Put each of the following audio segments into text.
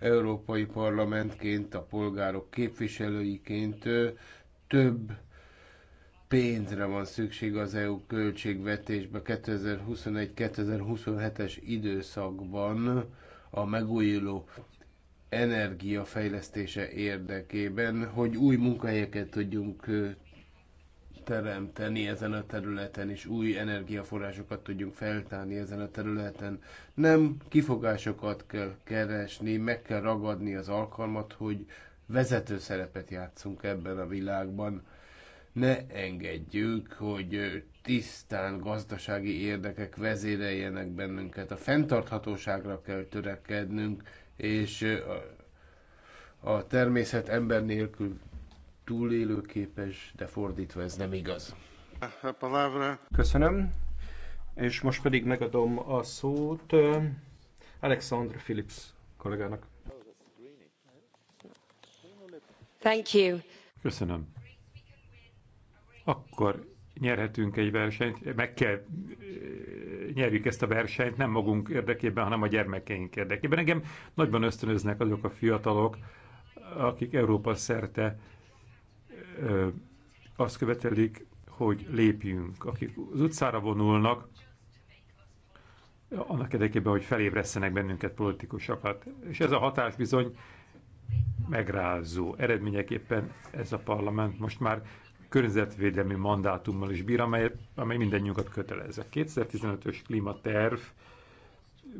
Európai Parlamentként, a polgárok képviselőiként több pénzre van szükség az EU költségvetésbe 2021-2027-es időszakban a megújuló energiafejlesztése érdekében, hogy új munkahelyeket tudjunk teremteni ezen a területen, és új energiaforrásokat tudjunk feltárni ezen a területen. Nem kifogásokat kell keresni, meg kell ragadni az alkalmat, hogy vezető szerepet játszunk ebben a világban. Ne engedjük, hogy tisztán gazdasági érdekek vezéreljenek bennünket. A fenntarthatóságra kell törekednünk, és a természet ember nélkül túlélőképes, de fordítva ez nem igaz. Köszönöm. És most pedig megadom a szót Alexandra Philips kollégának. Thank you. Köszönöm. Akkor nyerhetünk egy versenyt, meg kell nyerjük ezt a versenyt, nem magunk érdekében, hanem a gyermekeink érdekében. Engem nagyban ösztönöznek azok a fiatalok, akik Európa szerte azt követelik, hogy lépjünk. Akik az utcára vonulnak, annak érdekében, hogy felébresztenek bennünket politikusokat. Hát, és ez a hatás bizony megrázó. Eredményeképpen ez a parlament most már környezetvédelmi mandátummal is bír, amely, amely mindennyiunkat kötelez. A 2015-ös klímaterv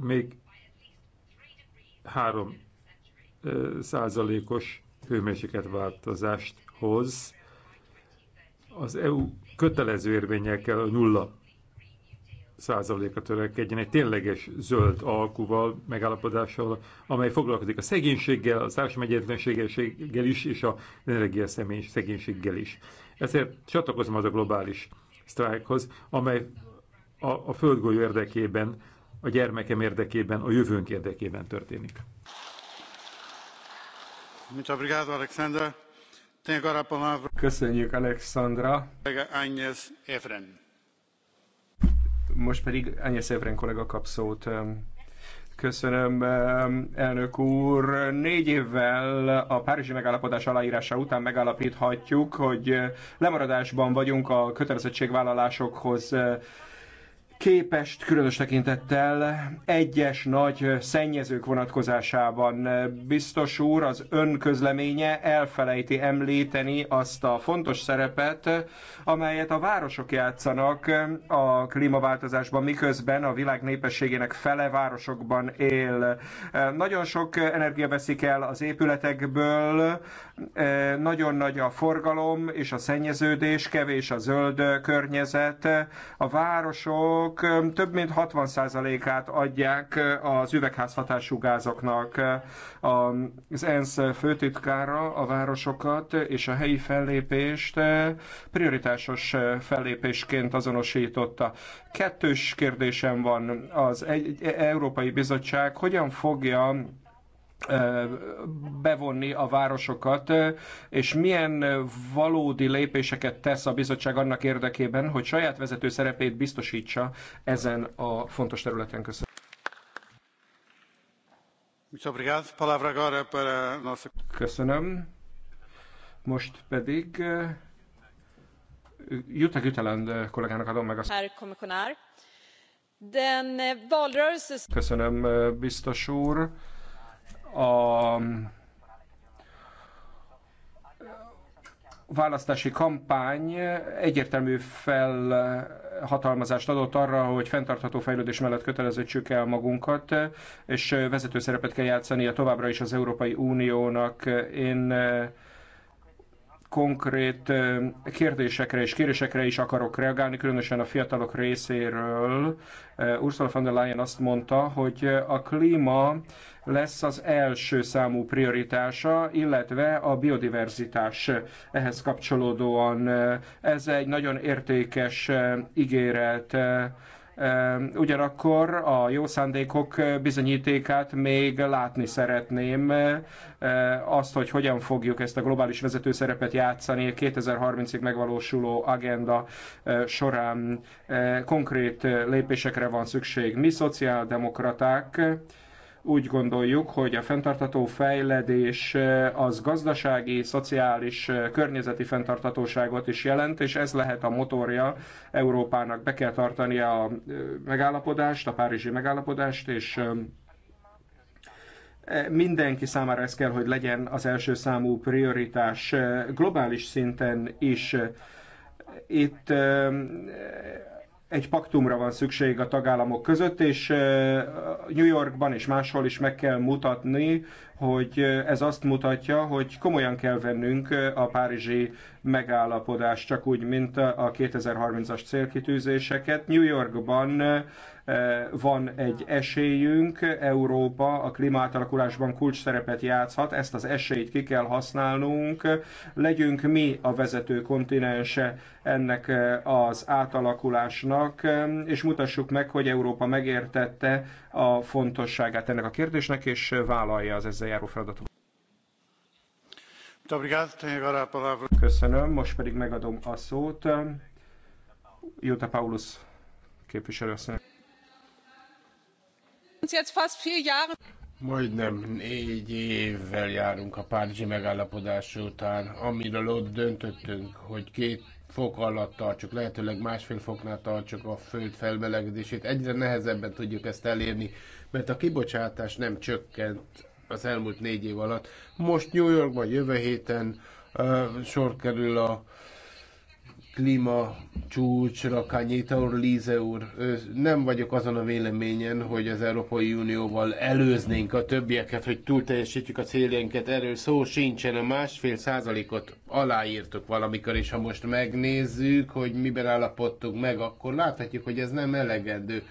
még három százalékos hőmérséklet változást hoz az EU kötelező érvényel kell a nulla százalékra törekedjen egy tényleges zöld alkuval, megállapodással, amely foglalkozik a szegénységgel, a társadalmi egyetlenséggel is, és a energia szegénységgel is. Ezért csatlakozom az a globális sztrájkhoz, amely a, a földgolyó érdekében, a gyermekem érdekében, a jövőnk érdekében történik. Muito obrigado, Alexander. Köszönjük, Alexandra. Most pedig Ányez Evren kollega kap szót. Köszönöm, elnök úr. Négy évvel a Párizsi megállapodás aláírása után megállapíthatjuk, hogy lemaradásban vagyunk a kötelezettségvállalásokhoz képest különös tekintettel egyes nagy szennyezők vonatkozásában. Biztos úr az önközleménye elfelejti említeni azt a fontos szerepet, amelyet a városok játszanak a klímaváltozásban, miközben a világ népességének fele városokban él. Nagyon sok energia veszik el az épületekből, nagyon nagy a forgalom és a szennyeződés, kevés a zöld környezet. A városok több mint 60%-át adják az üvegházhatású gázoknak. Az ENSZ főtitkára a városokat és a helyi fellépést prioritásos fellépésként azonosította. Kettős kérdésem van az Európai Bizottság, hogyan fogja bevonni a városokat, és milyen valódi lépéseket tesz a bizottság annak érdekében, hogy saját vezető szerepét biztosítsa ezen a fontos területen. Köszönöm. Köszönöm. Most pedig Jutta Gütelend kollégának adom meg a szót. Eh, Köszönöm, eh, biztos úr a választási kampány egyértelmű felhatalmazást adott arra, hogy fenntartható fejlődés mellett kötelezettsük el magunkat, és vezető szerepet kell játszani a továbbra is az Európai Uniónak. Én konkrét kérdésekre és kérésekre is akarok reagálni, különösen a fiatalok részéről. Ursula von der Leyen azt mondta, hogy a klíma lesz az első számú prioritása, illetve a biodiverzitás ehhez kapcsolódóan. Ez egy nagyon értékes ígéret. Ehm, ugyanakkor a jó szándékok eh, bizonyítékát még látni szeretném, eh, azt, hogy hogyan fogjuk ezt a globális vezető szerepet játszani a 2030-ig megvalósuló agenda eh, során konkrét lépésekre van szükség. Mi szociáldemokraták úgy gondoljuk, hogy a fenntartató fejledés eh, az gazdasági, szociális, eh, környezeti fenntartatóságot is jelent, és ez lehet a motorja Európának. Be kell tartani a eh, megállapodást, a párizsi megállapodást, és mindenki számára ez kell, hogy legyen az első számú prioritás globális szinten is. Itt egy paktumra van szükség a tagállamok között, és New Yorkban és máshol is meg kell mutatni hogy ez azt mutatja, hogy komolyan kell vennünk a párizsi megállapodást, csak úgy, mint a 2030-as célkitűzéseket. New Yorkban van egy esélyünk, Európa a klímátalakulásban kulcs szerepet játszhat, ezt az esélyt ki kell használnunk, legyünk mi a vezető kontinense ennek az átalakulásnak, és mutassuk meg, hogy Európa megértette a fontosságát ennek a kérdésnek, és vállalja az ezzel járó feladatom. Köszönöm, most pedig megadom a szót. Jóta Paulus képviselőasszony. Majdnem négy évvel járunk a Párizsi megállapodás után, amiről ott döntöttünk, hogy két fok alatt tartsuk, lehetőleg másfél foknál tartsuk a föld felmelegedését. Egyre nehezebben tudjuk ezt elérni, mert a kibocsátás nem csökkent az elmúlt négy év alatt. Most New Yorkban jövő héten uh, sor kerül a klíma csúcsra, Kanyéta úr, Líze úr, nem vagyok azon a véleményen, hogy az Európai Unióval előznénk a többieket, hogy túl teljesítjük a céljainkat, erről szó sincsen, a másfél százalékot aláírtuk valamikor, és ha most megnézzük, hogy miben állapodtunk meg, akkor láthatjuk, hogy ez nem elegendő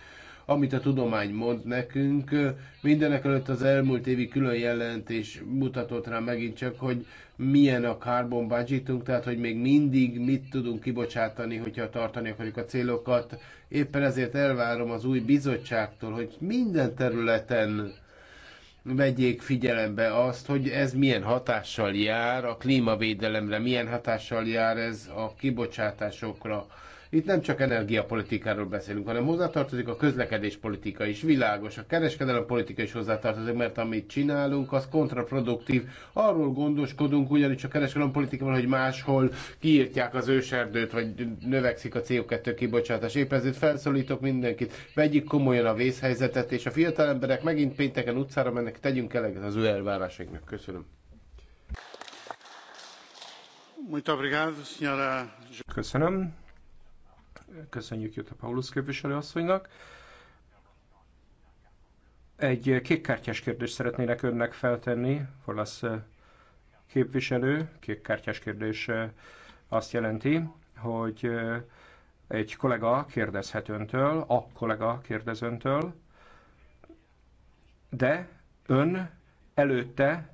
amit a tudomány mond nekünk. Mindenek előtt az elmúlt évi külön jelentés mutatott rá megint csak, hogy milyen a carbon budgetunk, tehát hogy még mindig mit tudunk kibocsátani, hogyha tartani akarjuk a célokat. Éppen ezért elvárom az új bizottságtól, hogy minden területen vegyék figyelembe azt, hogy ez milyen hatással jár a klímavédelemre, milyen hatással jár ez a kibocsátásokra itt nem csak energiapolitikáról beszélünk, hanem hozzátartozik a közlekedés politika is, világos, a kereskedelem politika is hozzátartozik, mert amit csinálunk, az kontraproduktív. Arról gondoskodunk ugyanis a kereskedelem politikával, hogy máshol kiírtják az őserdőt, vagy növekszik a CO2 kibocsátás. Épp ezért felszólítok mindenkit, vegyük komolyan a vészhelyzetet, és a fiatal emberek megint pénteken utcára mennek, tegyünk eleget az ő elvárásainknak. Köszönöm. Köszönöm. Köszönjük Jutta Paulus asszonynak. Egy kékkártyás kérdést szeretnének önnek feltenni, Forlasz képviselő. Kékkártyás kérdés azt jelenti, hogy egy kollega kérdezhet öntől, a kollega kérdez öntől, de ön előtte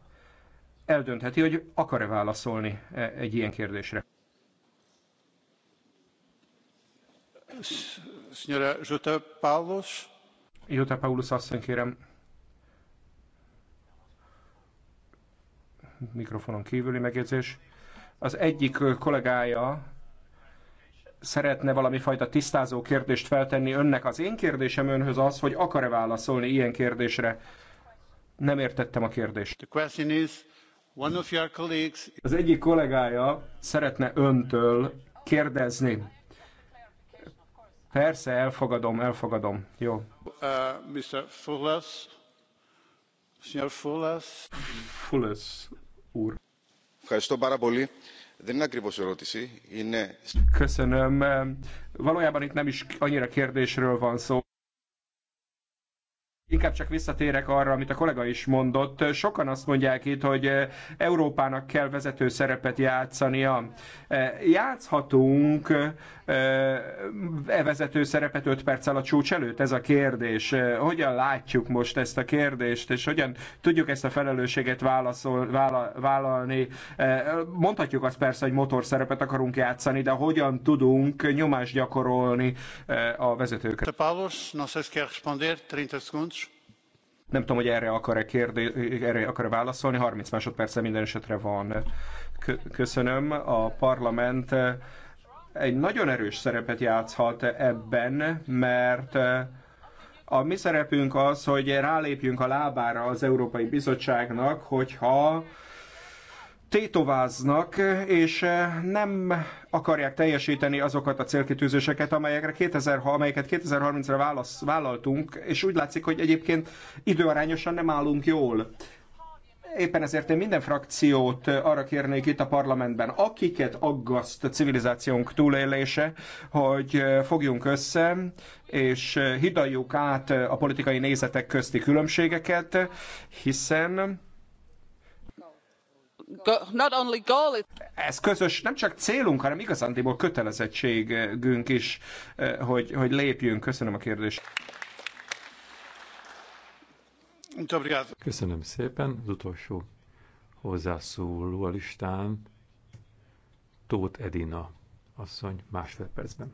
eldöntheti, hogy akar-e válaszolni e, egy ilyen kérdésre. Senyora Zsota Paulus. Jutta Paulus asszony, kérem. Mikrofonon kívüli megjegyzés. Az egyik kollégája szeretne valami fajta tisztázó kérdést feltenni önnek. Az én kérdésem önhöz az, hogy akar-e válaszolni ilyen kérdésre. Nem értettem a kérdést. The question is, one of your colleagues... Az egyik kollégája szeretne öntől kérdezni Persze, elfogadom, elfogadom. Jó. Uh, Mr. Fulles. Mr. Fulles. Fulles úr. Ευχαριστώ πάρα πολύ. Δεν είναι ακριβώς ερώτηση, είναι... Köszönöm. Valójában itt nem is annyira kérdésről van szó inkább csak visszatérek arra, amit a kollega is mondott. Sokan azt mondják itt, hogy eh, Európának kell vezető szerepet játszania. Eh, játszhatunk eh, e vezető szerepet 5 perccel a csúcs előtt? Ez a kérdés. Hogyan látjuk most ezt a kérdést, és hogyan tudjuk ezt a felelősséget válaszol, vála, vállalni? Mondhatjuk azt persze, hogy motorszerepet akarunk játszani, de hogyan tudunk nyomást gyakorolni a vezetőkre? Pálos, 30 segundos. Nem tudom, hogy erre akar-e, kérdé... erre akar-e válaszolni, 30 másodperce minden esetre van. Köszönöm. A parlament egy nagyon erős szerepet játszhat ebben, mert a mi szerepünk az, hogy rálépjünk a lábára az Európai Bizottságnak, hogyha tétováznak, és eh, nem akarják teljesíteni azokat a célkitűzéseket, amelyekre 2000, amelyeket 2030-ra válasz, vállaltunk, és úgy látszik, hogy egyébként időarányosan nem állunk jól. Éppen ezért én minden frakciót arra kérnék itt a parlamentben, akiket aggaszt a civilizációnk túlélése, hogy eh, fogjunk össze, és eh, hidaljuk át a politikai nézetek közti különbségeket, hiszen not only goal, Ez közös, nem csak célunk, hanem igazándiból kötelezettségünk is, eh, hogy, hogy lépjünk. Köszönöm a kérdést. Köszönöm szépen. Az utolsó hozzászóló a listán Tóth Edina asszony másfél percben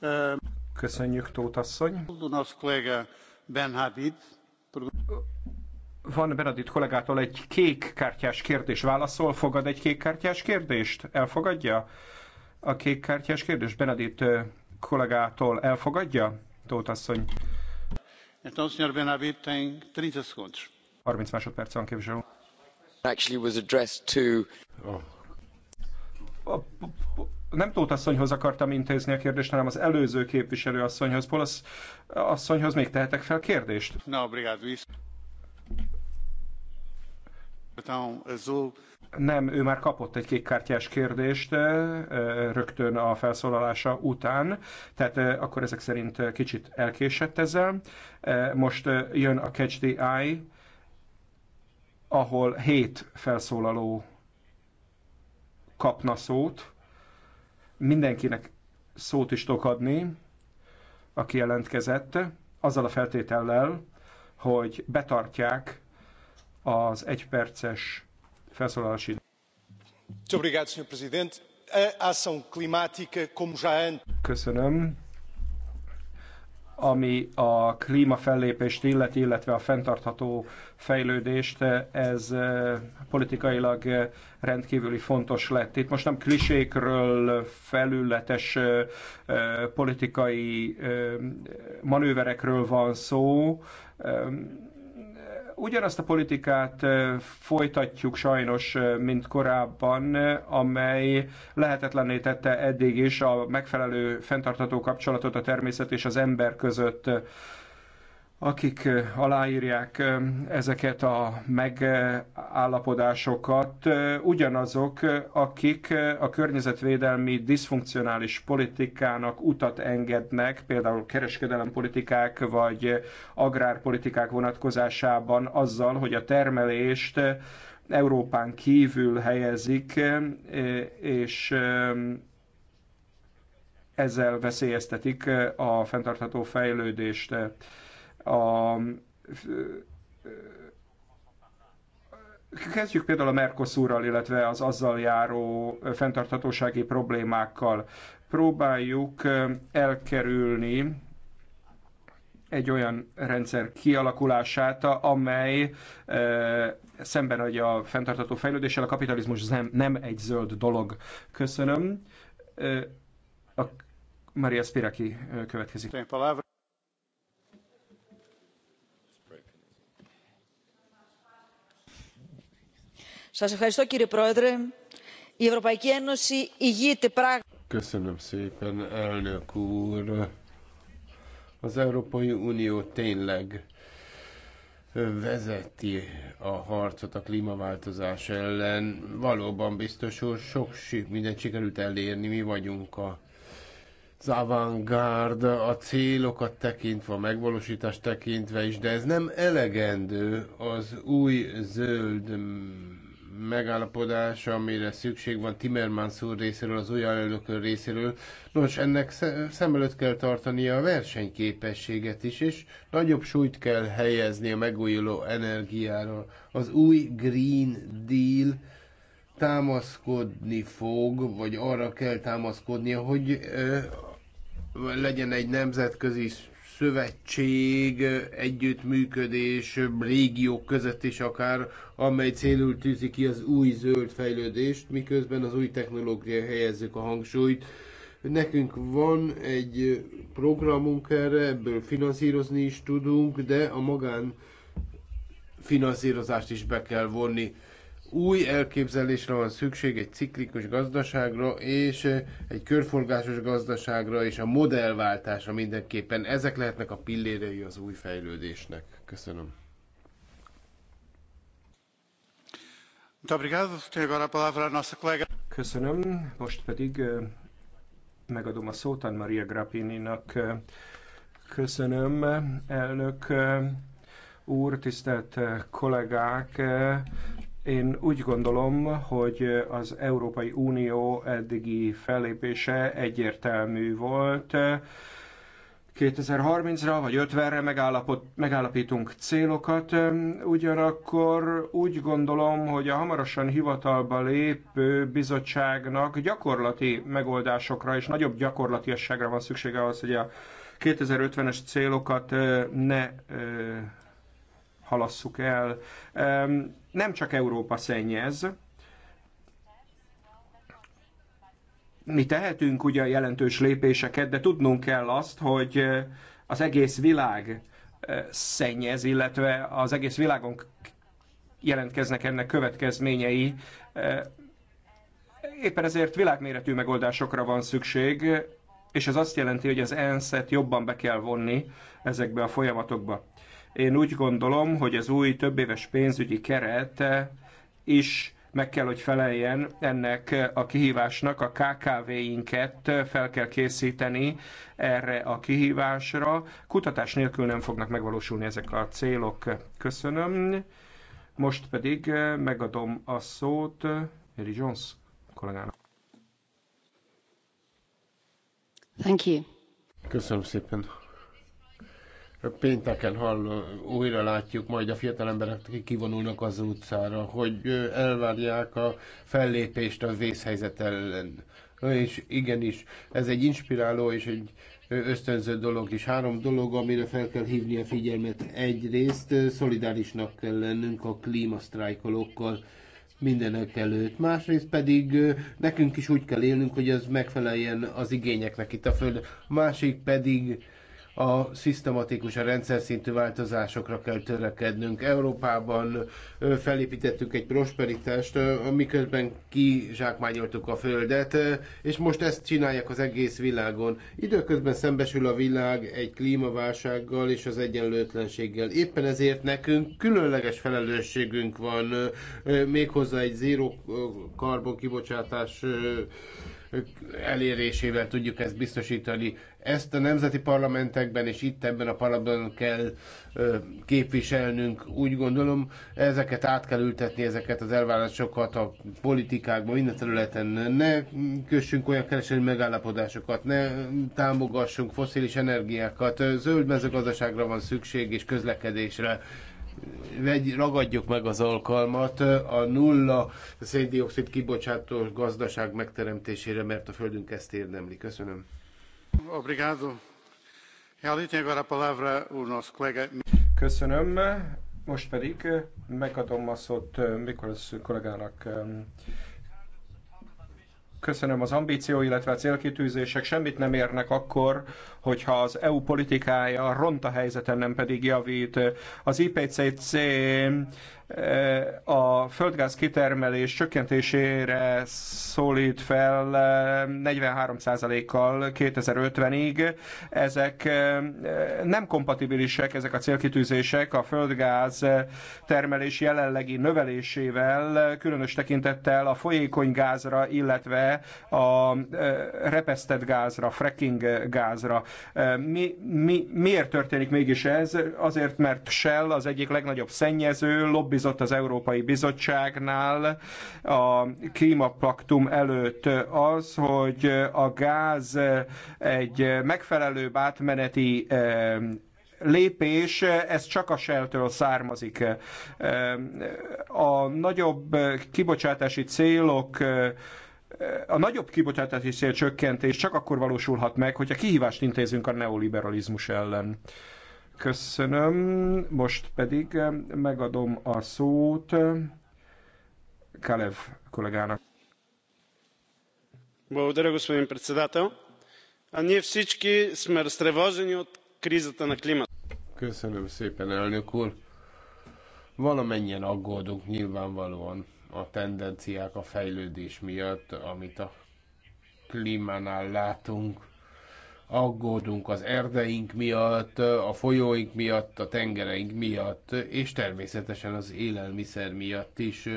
Eh, Köszönjük, Tóth asszony. Van Benedikt kollégától egy kék kártyás kérdés. Válaszol, fogad egy kék kártyás kérdést? Elfogadja a kék kártyás kérdést? Benedikt eh, kollégától elfogadja, Tóth asszony? 30 30 másodperc van, képviselő. Actually was addressed to... Oh nem Tóth asszonyhoz akartam intézni a kérdést, hanem az előző képviselő asszonyhoz, Polasz asszonyhoz még tehetek fel kérdést? Na, obrigado, isso. Nem, ő már kapott egy kékkártyás kérdést rögtön a felszólalása után, tehát akkor ezek szerint kicsit elkésett ezzel. Most jön a Catch the Eye, ahol hét felszólaló kapna szót. Mindenkinek szót is tudok adni, aki jelentkezett, azzal a feltétellel, hogy betartják az egyperces felszólalási Köszönöm ami a klímafellépést illeti, illetve a fenntartható fejlődést, ez eh, politikailag eh, rendkívüli fontos lett. Itt most nem klisékről, felületes eh, politikai manőverekről van szó, Ugyanazt a politikát folytatjuk sajnos, mint korábban, amely lehetetlenné tette eddig is a megfelelő fenntartható kapcsolatot a természet és az ember között akik aláírják ezeket a megállapodásokat, ugyanazok, akik a környezetvédelmi diszfunkcionális politikának utat engednek, például kereskedelempolitikák vagy agrárpolitikák vonatkozásában azzal, hogy a termelést Európán kívül helyezik, és ezzel veszélyeztetik a fenntartható fejlődést. A, Kezdjük például a Mercosurral, illetve az azzal járó fenntarthatósági problémákkal. Próbáljuk elkerülni egy olyan rendszer kialakulását, amely szemben hogy a fenntartható fejlődéssel a kapitalizmus nem, nem egy zöld dolog. Köszönöm. a Maria Spiraki következik. Köszönöm szépen, elnök úr. Az Európai Unió tényleg vezeti a harcot a klímaváltozás ellen. Valóban biztos, hogy sok mindent sikerült elérni, mi vagyunk a az avantgárd, a célokat tekintve, a megvalósítást tekintve is, de ez nem elegendő az új zöld megállapodás, amire szükség van Timmermans úr részéről, az új elnökön részéről. Nos, ennek szem előtt kell tartania a versenyképességet is, és nagyobb súlyt kell helyezni a megújuló energiára. Az új Green Deal támaszkodni fog, vagy arra kell támaszkodnia, hogy ö, legyen egy nemzetközi szövetség, együttműködés, régiók között is akár, amely célul tűzi ki az új zöld fejlődést, miközben az új technológia helyezzük a hangsúlyt. Nekünk van egy programunk erre, ebből finanszírozni is tudunk, de a magán finanszírozást is be kell vonni új elképzelésre van szükség, egy ciklikus gazdaságra és eh, egy körforgásos gazdaságra és a modellváltásra mindenképpen. Ezek lehetnek a pillérei az új fejlődésnek. Köszönöm. Köszönöm. Most pedig eh, megadom a szót Ann Maria Grappininak. Eh, köszönöm, elnök úr, tisztelt kollégák! Én úgy gondolom, hogy az Európai Unió eddigi fellépése egyértelmű volt. 2030-ra vagy 50-re megállapítunk célokat, ugyanakkor úgy gondolom, hogy a hamarosan hivatalba lépő bizottságnak gyakorlati megoldásokra és nagyobb gyakorlatiasságra van szüksége ahhoz, hogy a 2050-es célokat ne halasszuk el nem csak Európa szennyez, mi tehetünk ugye jelentős lépéseket, de tudnunk kell azt, hogy az egész világ szennyez, illetve az egész világon jelentkeznek ennek következményei. Éppen ezért világméretű megoldásokra van szükség, és ez azt jelenti, hogy az ENSZ-et jobban be kell vonni ezekbe a folyamatokba. Én úgy gondolom, hogy az új többéves pénzügyi keret is meg kell, hogy feleljen ennek a kihívásnak, a KKV-inket fel kell készíteni erre a kihívásra. Kutatás nélkül nem fognak megvalósulni ezek a célok. Köszönöm. Most pedig megadom a szót Mary Jones kollégának. Thank you. Köszönöm szépen pénteken hall, újra látjuk majd a fiatal emberek, akik kivonulnak az utcára, hogy elvárják a fellépést a vészhelyzet ellen. És igenis, ez egy inspiráló és egy ösztönző dolog is. Három dolog, amire fel kell hívni a figyelmet. Egyrészt szolidárisnak kell lennünk a klímasztrájkolókkal mindenek előtt. Másrészt pedig nekünk is úgy kell élnünk, hogy az megfeleljen az igényeknek itt a Földön. Másik pedig a szisztematikus, a rendszer szintű változásokra kell törekednünk. Európában felépítettük egy prosperitást, miközben kizsákmányoltuk a földet, és most ezt csinálják az egész világon. Időközben szembesül a világ egy klímaválsággal és az egyenlőtlenséggel. Éppen ezért nekünk különleges felelősségünk van, méghozzá egy zéro karbon kibocsátás elérésével tudjuk ezt biztosítani. Ezt a nemzeti parlamentekben és itt ebben a parlamentben kell ö, képviselnünk. Úgy gondolom, ezeket át kell ültetni, ezeket az elvárásokat a politikákban, minden területen. Ne kössünk olyan keresni megállapodásokat, ne támogassunk foszilis energiákat. Zöld mezőgazdaságra van szükség és közlekedésre vegy, ragadjuk meg az alkalmat a nulla széndiokszid kibocsátó gazdaság megteremtésére, mert a Földünk ezt érdemli. Köszönöm. Köszönöm. Most pedig megadom a szót eh, Mikolas kollégának. Eh, Köszönöm az ambíció, illetve a célkitűzések semmit nem érnek akkor, hogyha az EU politikája ront a helyzeten, nem pedig javít. Az IPCC Eh, a földgáz kitermelés csökkentésére szólít fel 43%-kal eh, 2050-ig. Ezek eh, nem kompatibilisek, ezek a célkitűzések a földgáz termelés jelenlegi növelésével, különös tekintettel a folyékony gázra, illetve a repesztett gázra, fracking gázra. Mi, mi, miért történik mégis ez? Azért, mert Shell az egyik legnagyobb szennyező, lobby megbízott az Európai Bizottságnál a klímapaktum előtt az, hogy a gáz egy megfelelő átmeneti eh, lépés, ez csak a shell származik. Eh, a nagyobb kibocsátási célok eh, a nagyobb kibocsátási csökkentés csak akkor valósulhat meg, hogyha kihívást intézünk a neoliberalizmus ellen. Köszönöm, most pedig eh, megadom a szót eh, Kalev kollégának. Благодаря, господин председател. А ние всички сме разтревожени от кризата на климата. Köszönöm szépen, elnök úr. Valamennyien aggódunk nyilvánvalóan a tendenciák a fejlődés miatt, amit a klímánál látunk aggódunk az erdeink miatt, a folyóink miatt, a tengereink miatt, és természetesen az élelmiszer miatt is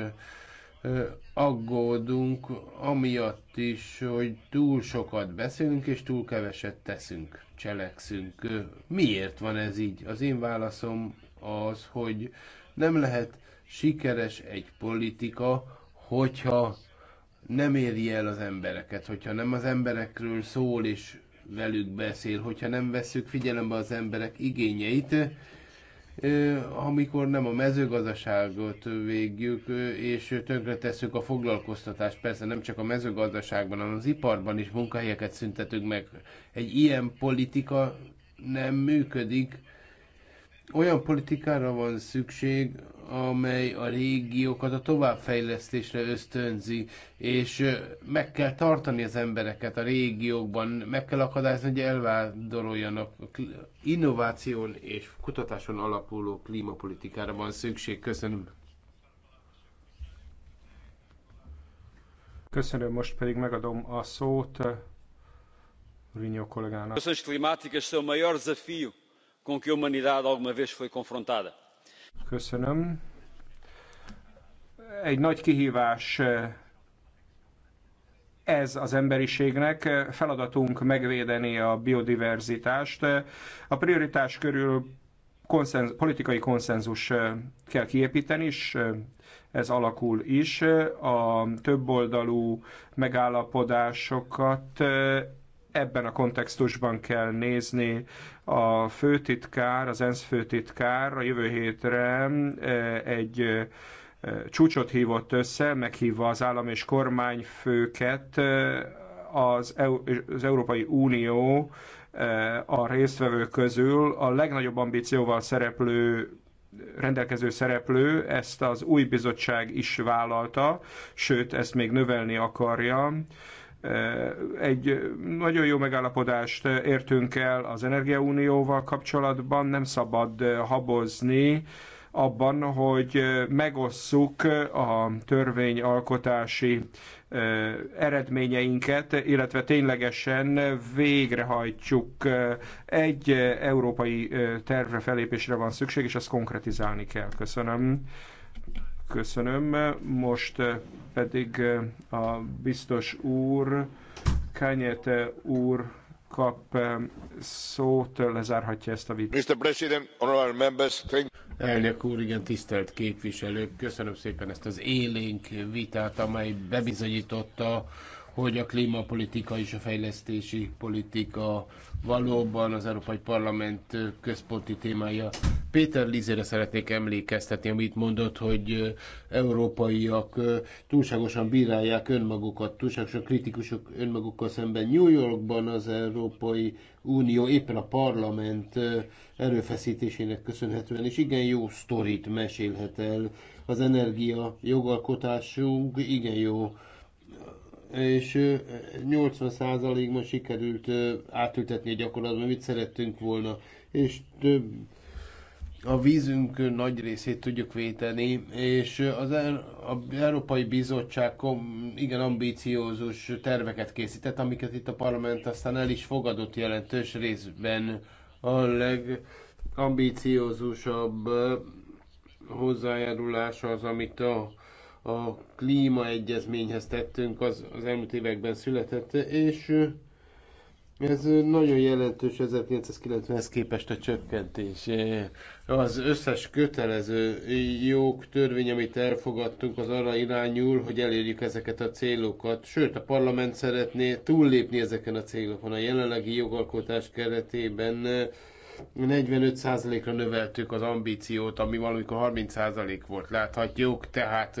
aggódunk, amiatt is, hogy túl sokat beszélünk, és túl keveset teszünk, cselekszünk. Miért van ez így? Az én válaszom az, hogy nem lehet sikeres egy politika, hogyha nem éri el az embereket, hogyha nem az emberekről szól és velük beszél, hogyha nem vesszük figyelembe az emberek igényeit, amikor nem a mezőgazdaságot végjük, és tönkretesszük a foglalkoztatást, persze nem csak a mezőgazdaságban, hanem az iparban is munkahelyeket szüntetünk meg. Egy ilyen politika nem működik, olyan politikára van szükség, amely a régiókat a továbbfejlesztésre ösztönzi, és meg kell tartani az embereket a régiókban, meg kell akadályozni, hogy elvándoroljanak. Innováción és kutatáson alapuló klímapolitikára van szükség. Köszönöm. Köszönöm, most pedig megadom a szót Rinyó kollégának. Köszönöm, a klímática é o maior com que a humanidade alguma vez foi confrontada. Köszönöm. Egy nagy kihívás eh, ez az emberiségnek eh, feladatunk megvédeni a biodiverzitást. A prioritás körül konszenz, politikai konszenzus eh, kell kiépíteni, és ez alakul is. A többoldalú megállapodásokat ebben a kontextusban kell nézni. A főtitkár, az ENSZ főtitkár a jövő hétre eh, egy eh, csúcsot hívott össze, meghívva az állam és kormányfőket eh, az, EU, az Európai Unió a résztvevők közül a legnagyobb ambícióval szereplő rendelkező szereplő, ezt az új bizottság is vállalta, sőt, ezt még növelni akarja. Egy nagyon jó megállapodást értünk el az Energiaunióval kapcsolatban, nem szabad habozni abban, hogy megosszuk a törvényalkotási eredményeinket, illetve ténylegesen végrehajtjuk. Egy európai tervre felépésre van szükség, és ezt konkretizálni kell. Köszönöm. Köszönöm. Most eh, pedig eh, a biztos úr, Kányete úr kap eh, szót, lezárhatja ezt a vitát. Mr. President, honorable members, thank Elnök úr, igen, tisztelt képviselők, köszönöm szépen ezt az élénk vitát, amely bebizonyította, hogy a klímapolitika és a fejlesztési politika valóban az Európai Parlament központi témája. Péter Lizére szeretnék emlékeztetni, amit mondott, hogy európaiak túlságosan bírálják önmagukat, túlságosan kritikusok önmagukkal szemben. New Yorkban az Európai Unió éppen a parlament erőfeszítésének köszönhetően, is igen jó sztorit mesélhet el. Az energia jogalkotásunk igen jó és 80%-ban sikerült átültetni a gyakorlatban, amit szerettünk volna, és több a vízünk nagy részét tudjuk védeni, és az, Európai Bizottság igen ambíciózus terveket készített, amiket itt a parlament aztán el is fogadott jelentős részben a legambíciózusabb hozzájárulás, az, amit a, a klímaegyezményhez tettünk, az, az elmúlt években született, és ez nagyon jelentős 1990-hez képest a csökkentés. Az összes kötelező jogtörvény, amit elfogadtunk, az arra irányul, hogy elérjük ezeket a célokat. Sőt, a parlament szeretné túllépni ezeken a célokon. A jelenlegi jogalkotás keretében 45%-ra növeltük az ambíciót, ami valamikor 30% volt, láthatjuk. Tehát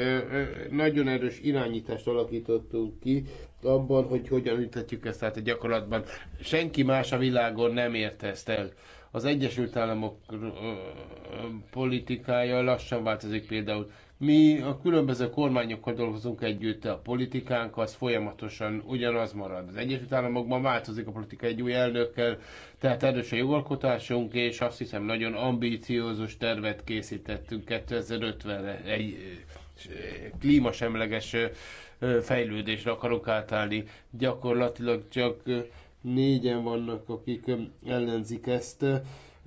nagyon erős irányítást alakítottunk ki abban, hogy hogyan ütetjük ezt át a gyakorlatban. Senki más a világon nem érte ezt el. Az Egyesült Államok politikája lassan változik például. Mi a különböző kormányokkal dolgozunk együtt, a politikánk az folyamatosan ugyanaz marad. Az Egyesült Államokban változik a politika egy új elnökkel, tehát erős a jogalkotásunk, és azt hiszem nagyon ambíciózus tervet készítettünk 2050-re, egy eh, klímasemleges eh, fejlődésre akarunk átállni. Gyakorlatilag csak eh, négyen vannak, akik ellenzik ezt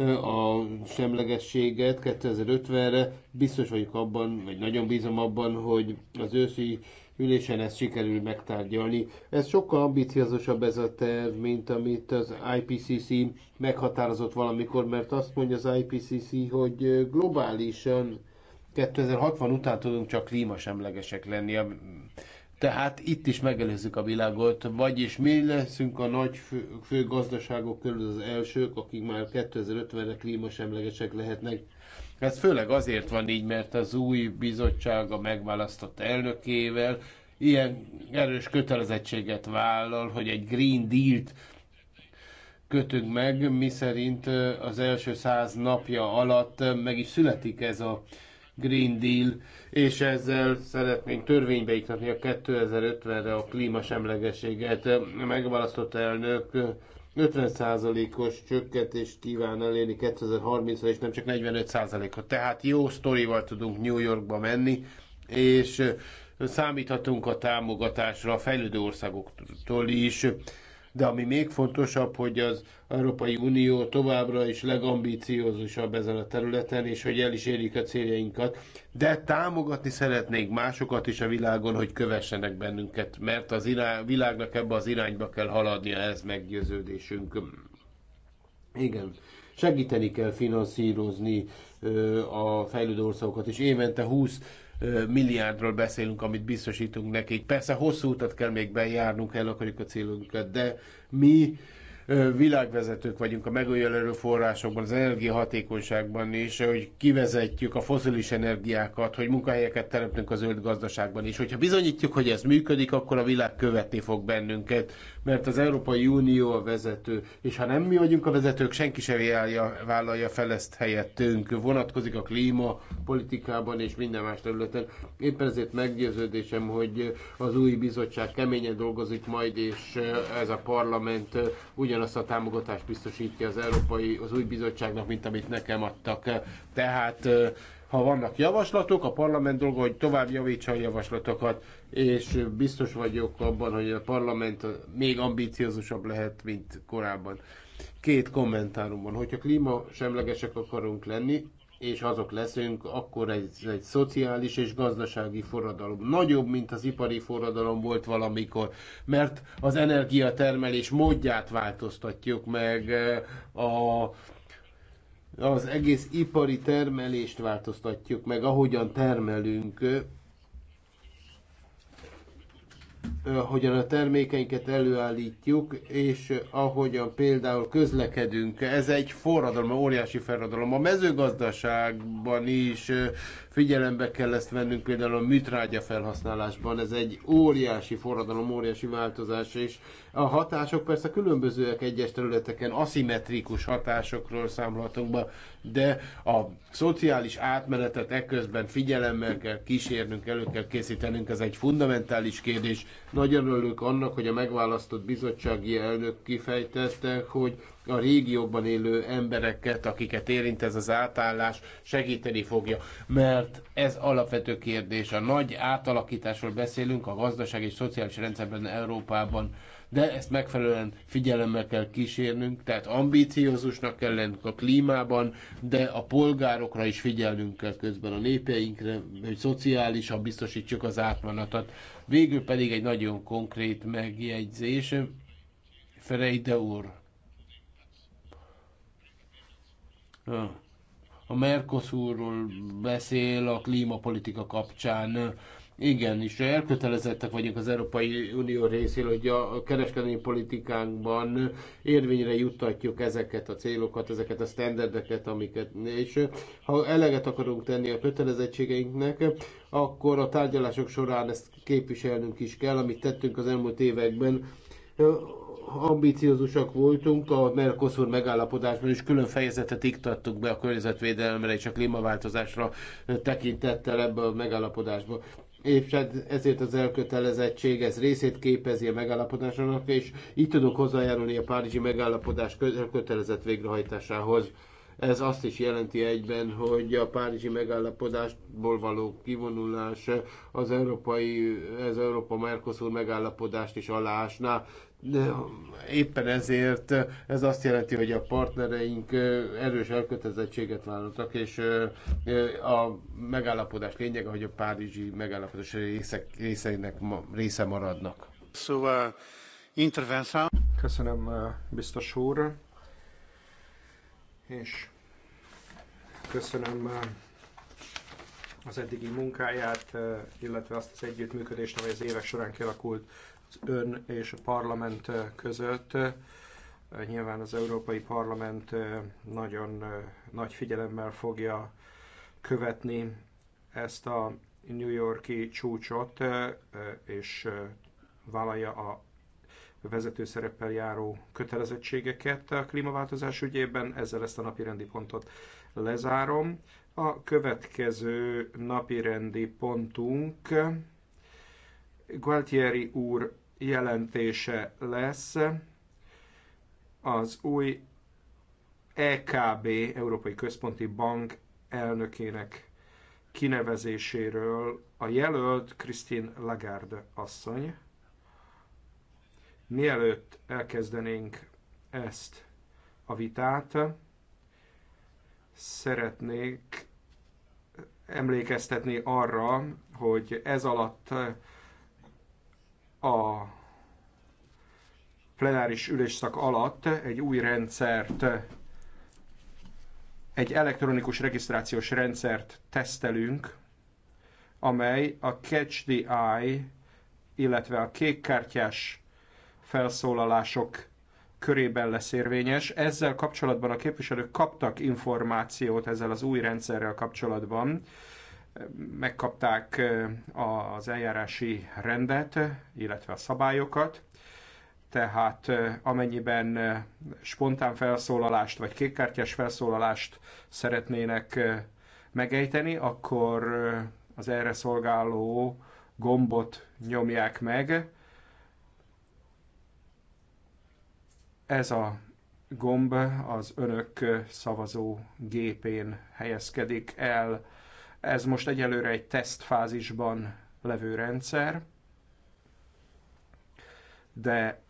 a semlegességet 2050-re. Biztos vagyok abban, vagy nagyon bízom abban, hogy az őszi ülésen ezt sikerül megtárgyalni. Ez sokkal ambiciózusabb ez a terv, mint amit az IPCC meghatározott valamikor, mert azt mondja az IPCC, hogy globálisan 2060 után tudunk csak klímasemlegesek lenni. Tehát itt is megelőzzük a világot, vagyis mi leszünk a nagy fő, fő gazdaságok körül az elsők, akik már 2050-re klímasemlegesek lehetnek. Ez főleg azért van így, mert az új bizottság a megválasztott elnökével ilyen erős kötelezettséget vállal, hogy egy Green Deal-t kötünk meg, mi szerint az első száz napja alatt meg is születik ez a Green Deal, és ezzel szeretnénk törvénybe iktatni a 2050-re a klímasemlegességet. Megválasztott elnök 50%-os csökkentést kíván elérni 2030-ra, és nem csak 45 ra Tehát jó sztorival tudunk New Yorkba menni, és számíthatunk a támogatásra a fejlődő országoktól is de ami még fontosabb, hogy az Európai Unió továbbra is legambíciózusabb ezen a területen, és hogy el is érjük a céljainkat, de támogatni szeretnénk másokat is a világon, hogy kövessenek bennünket, mert az világnak ebbe az irányba kell haladnia, ez meggyőződésünk. Igen, segíteni kell finanszírozni a fejlődő országokat, és évente 20 milliárdról beszélünk, amit biztosítunk nekik. Persze hosszú utat kell még bejárnunk, el akarjuk a célunkat, de mi világvezetők vagyunk a megújuló erőforrásokban, az energiahatékonyságban, is, hogy kivezetjük a foszilis energiákat, hogy munkahelyeket teremtünk a zöld gazdaságban, is. hogyha bizonyítjuk, hogy ez működik, akkor a világ követni fog bennünket mert az Európai Unió a vezető, és ha nem mi vagyunk a vezetők, senki sem vállalja, vállalja fel ezt helyettünk. Vonatkozik a klíma politikában és minden más területen. Éppen ezért meggyőződésem, hogy az új bizottság keményen dolgozik majd, és ez a parlament ugyanazt a támogatást biztosítja az Európai, az új bizottságnak, mint amit nekem adtak. Tehát ha vannak javaslatok, a parlament dolga, hogy tovább javítsa a javaslatokat, és biztos vagyok abban, hogy a parlament még ambíciózusabb lehet, mint korábban. Két kommentárom van. Hogyha semlegesek akarunk lenni, és azok leszünk, akkor ez egy szociális és gazdasági forradalom. Nagyobb, mint az ipari forradalom volt valamikor, mert az energiatermelés módját változtatjuk meg, eh, a az egész ipari termelést változtatjuk meg, ahogyan termelünk, ahogyan a termékeinket előállítjuk, és ahogyan például közlekedünk. Ez egy forradalom, óriási forradalom. A mezőgazdaságban is Figyelembe kell ezt vennünk például a műtrágya felhasználásban, ez egy óriási forradalom, óriási változás, és a hatások persze különbözőek egyes területeken, aszimmetrikus hatásokról számolhatunk be, de a szociális átmenetet ekközben figyelemmel kell kísérnünk, elő kell készítenünk, ez egy fundamentális kérdés. Nagyon örülök annak, hogy a megválasztott bizottsági elnök kifejtette, hogy a régióban élő embereket, akiket érint ez az átállás, segíteni fogja. Mert ez alapvető kérdés. A nagy átalakításról beszélünk a gazdaság és szociális rendszerben Európában, de ezt megfelelően figyelemmel kell kísérnünk, tehát ambíciózusnak kell lennünk a klímában, de a polgárokra is figyelnünk kell közben a népeinkre, hogy szociálisan biztosítsuk az átmenetet. Végül pedig egy nagyon konkrét megjegyzés. Ferejde úr a Mercosurról beszél a klímapolitika kapcsán. Igen, és elkötelezettek vagyunk az Európai Unió részéről, hogy a kereskedelmi politikánkban érvényre juttatjuk ezeket a célokat, ezeket a standardeket, amiket, és ha eleget akarunk tenni a kötelezettségeinknek, akkor a tárgyalások során ezt képviselnünk is kell, amit tettünk az elmúlt években ambiciózusak voltunk a Mercosur megállapodásban, és külön fejezetet iktattuk be a környezetvédelemre és a klímaváltozásra tekintettel ebbe a megállapodásba és hát ezért az elkötelezettség, ez részét képezi a megállapodásnak, és itt tudunk hozzájárulni a Párizsi megállapodás elkötelezett végrehajtásához. Ez azt is jelenti egyben, hogy a párizsi megállapodásból való kivonulás az európai, ez Európa Mercosur megállapodást is alásná. Éppen ezért ez azt jelenti, hogy a partnereink erős elkötelezettséget vállaltak, és a megállapodás lényege, hogy a párizsi megállapodás részek, részeinek része maradnak. Szóval intervenció. Köszönöm, biztos úr és köszönöm eh, az eddigi munkáját, eh, illetve azt az együttműködést, amely az évek során kialakult az ön és a parlament eh, között. Nyilván az Európai Parlament nagyon nagy figyelemmel fogja követni ezt a New Yorki csúcsot, és vállalja a vezető szereppel járó kötelezettségeket a klímaváltozás ügyében. Ezzel ezt a napi rendi pontot lezárom. A következő napi rendi pontunk Gualtieri úr jelentése lesz az új EKB, Európai Központi Bank elnökének kinevezéséről a jelölt Christine Lagarde asszony. Mielőtt elkezdenénk ezt a vitát, szeretnék emlékeztetni arra, hogy ez alatt a plenáris ülésszak alatt egy új rendszert, egy elektronikus regisztrációs rendszert tesztelünk, amely a Catch the Eye, illetve a kékkártyás felszólalások körében lesz érvényes. Ezzel kapcsolatban a képviselők kaptak információt ezzel az új rendszerrel kapcsolatban. Megkapták eh, az eljárási rendet, illetve a szabályokat. Tehát eh, amennyiben eh, spontán felszólalást vagy kékkártyás felszólalást szeretnének megejteni, akkor az erre szolgáló gombot nyomják meg, Ez a gomb az önök szavazó gépén helyezkedik el. Ez most egyelőre egy tesztfázisban levő rendszer, de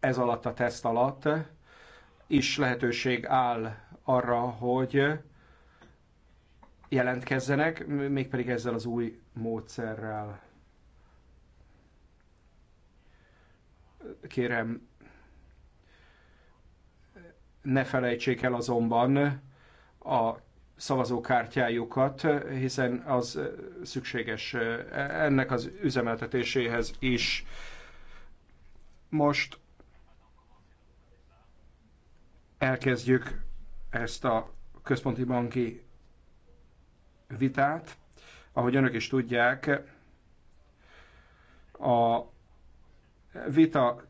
ez alatt a teszt alatt is lehetőség áll arra, hogy jelentkezzenek, mégpedig ezzel az új módszerrel. Kérem, ne felejtsék el azonban a szavazókártyájukat, hiszen az szükséges ennek az üzemeltetéséhez is. Most elkezdjük ezt a központi banki vitát. Ahogy önök is tudják, a vita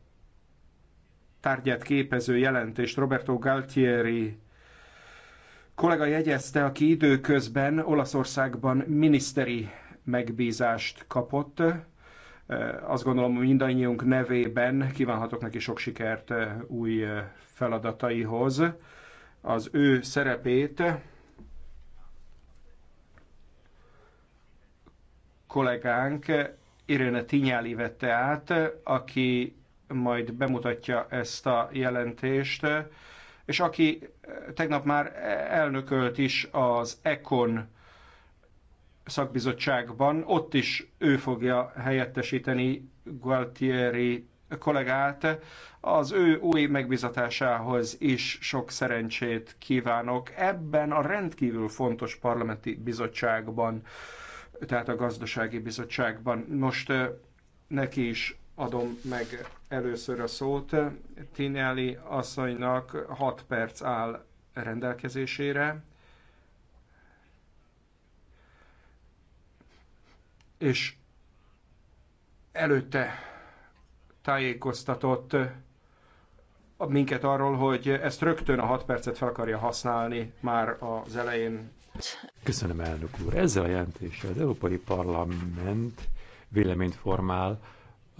tárgyát képező jelentést Roberto Galtieri kollega jegyezte, aki időközben Olaszországban miniszteri megbízást kapott. Azt gondolom, hogy mindannyiunk nevében kívánhatok neki sok sikert új feladataihoz. Az ő szerepét kollégánk Irene Tinyáli vette át, aki majd bemutatja ezt a jelentést, és aki eh, tegnap már elnökölt is az ECON szakbizottságban, ott is ő fogja helyettesíteni Gualtieri kollégát. Az ő új megbizatásához is sok szerencsét kívánok ebben a rendkívül fontos parlamenti bizottságban tehát a gazdasági bizottságban. Most neki is adom meg először a szót. Tinelli asszonynak 6 perc áll rendelkezésére. És előtte tájékoztatott minket arról, hogy ezt rögtön a 6 percet fel akarja használni már az elején Köszönöm, elnök úr. Ezzel a jelentéssel az Európai Parlament véleményt formál